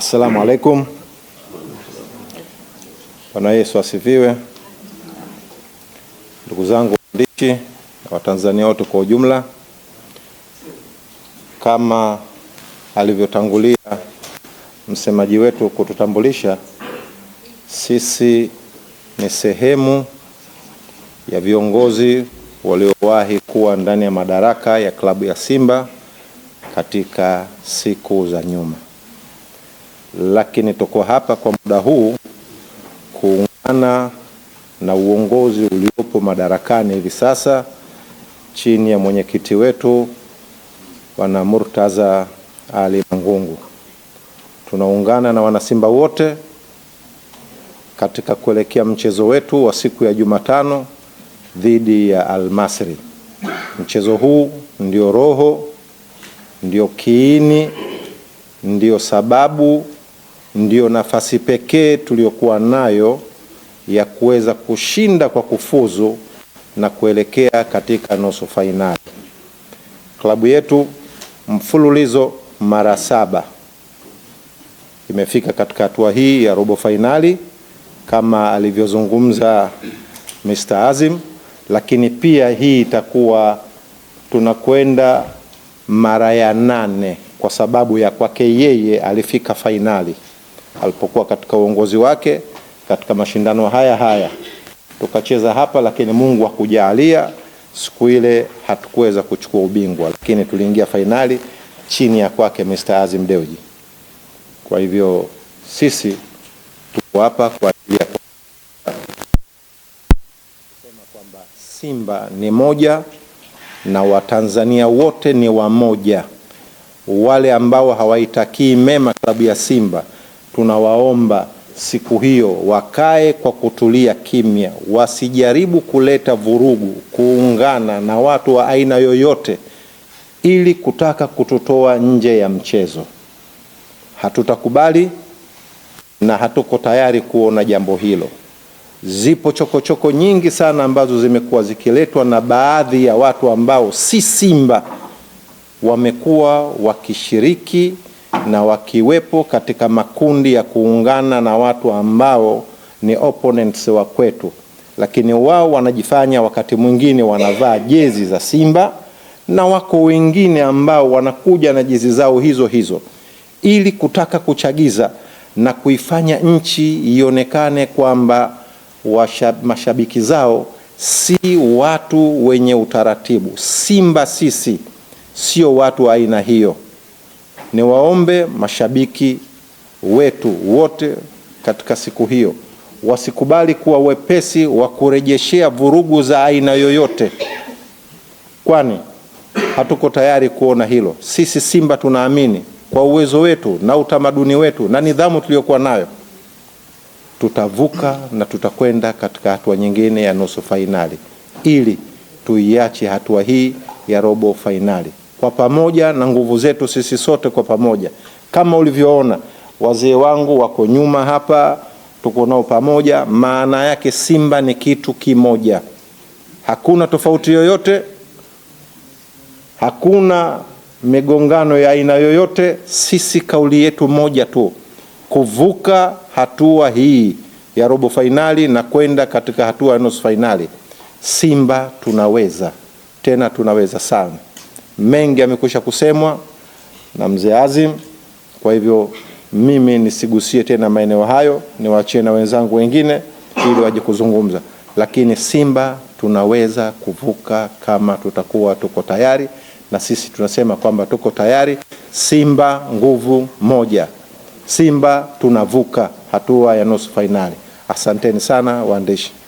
Assalamu alaikum. Bwana Yesu asifiwe. Ndugu zangu waandishi na Watanzania wote kwa ujumla, kama alivyotangulia msemaji wetu kututambulisha, sisi ni sehemu ya viongozi waliowahi kuwa ndani ya madaraka ya klabu ya Simba katika siku za nyuma lakini tuko hapa kwa muda huu kuungana na uongozi uliopo madarakani hivi sasa chini ya mwenyekiti wetu Bwana Murtaza Ali Mangungu. Tunaungana na wanasimba wote katika kuelekea mchezo wetu wa siku ya Jumatano dhidi ya Al Mchezo huu ndio roho, ndio kiini, ndio sababu ndio nafasi pekee tuliyokuwa nayo ya kuweza kushinda kwa kufuzu na kuelekea katika nusu fainali. Klabu yetu mfululizo mara saba imefika katika hatua hii ya robo fainali kama alivyozungumza Mr. Azim, lakini pia hii itakuwa tunakwenda mara ya nane kwa sababu ya kwake yeye alifika fainali alipokuwa katika uongozi wake katika mashindano haya haya tukacheza hapa, lakini Mungu hakujaalia Siku ile hatukuweza kuchukua ubingwa, lakini tuliingia fainali chini ya kwake Mr. Azim Dewji. Kwa hivyo sisi tuko hapa kwa ajili ya kusema kwamba Simba ni moja na Watanzania wote ni wamoja. Wale ambao hawaitakii mema klabu ya Simba tunawaomba siku hiyo wakae kwa kutulia kimya, wasijaribu kuleta vurugu, kuungana na watu wa aina yoyote ili kutaka kututoa nje ya mchezo. Hatutakubali na hatuko tayari kuona jambo hilo. Zipo chokochoko choko nyingi sana ambazo zimekuwa zikiletwa na baadhi ya watu ambao si Simba, wamekuwa wakishiriki na wakiwepo katika makundi ya kuungana na watu ambao ni opponents wa kwetu, lakini wao wanajifanya wakati mwingine wanavaa jezi za Simba na wako wengine ambao wanakuja na jezi zao hizo hizo ili kutaka kuchagiza na kuifanya nchi ionekane kwamba mashabiki zao si watu wenye utaratibu. Simba sisi sio watu wa aina hiyo ni waombe mashabiki wetu wote katika siku hiyo wasikubali kuwa wepesi wa kurejeshea vurugu za aina yoyote, kwani hatuko tayari kuona hilo. Sisi Simba tunaamini kwa uwezo wetu na utamaduni wetu na nidhamu tuliyokuwa nayo tutavuka na tutakwenda katika hatua nyingine ya nusu fainali, ili tuiache hatua hii ya robo fainali kwa pamoja na nguvu zetu sisi sote kwa pamoja. Kama ulivyoona wazee wangu wako nyuma hapa, tuko nao pamoja. Maana yake Simba ni kitu kimoja, hakuna tofauti yoyote, hakuna migongano ya aina yoyote. Sisi kauli yetu moja tu, kuvuka hatua hii ya robo fainali na kwenda katika hatua ya nusu fainali. Simba tunaweza, tena tunaweza sana mengi yamekwisha kusemwa na mzee Azim. Kwa hivyo mimi nisigusie tena maeneo hayo, niwaachie na wenzangu wengine ili waje kuzungumza, lakini Simba tunaweza kuvuka kama tutakuwa tuko tayari, na sisi tunasema kwamba tuko tayari. Simba nguvu moja, Simba tunavuka hatua ya nusu fainali. Asanteni sana waandishi.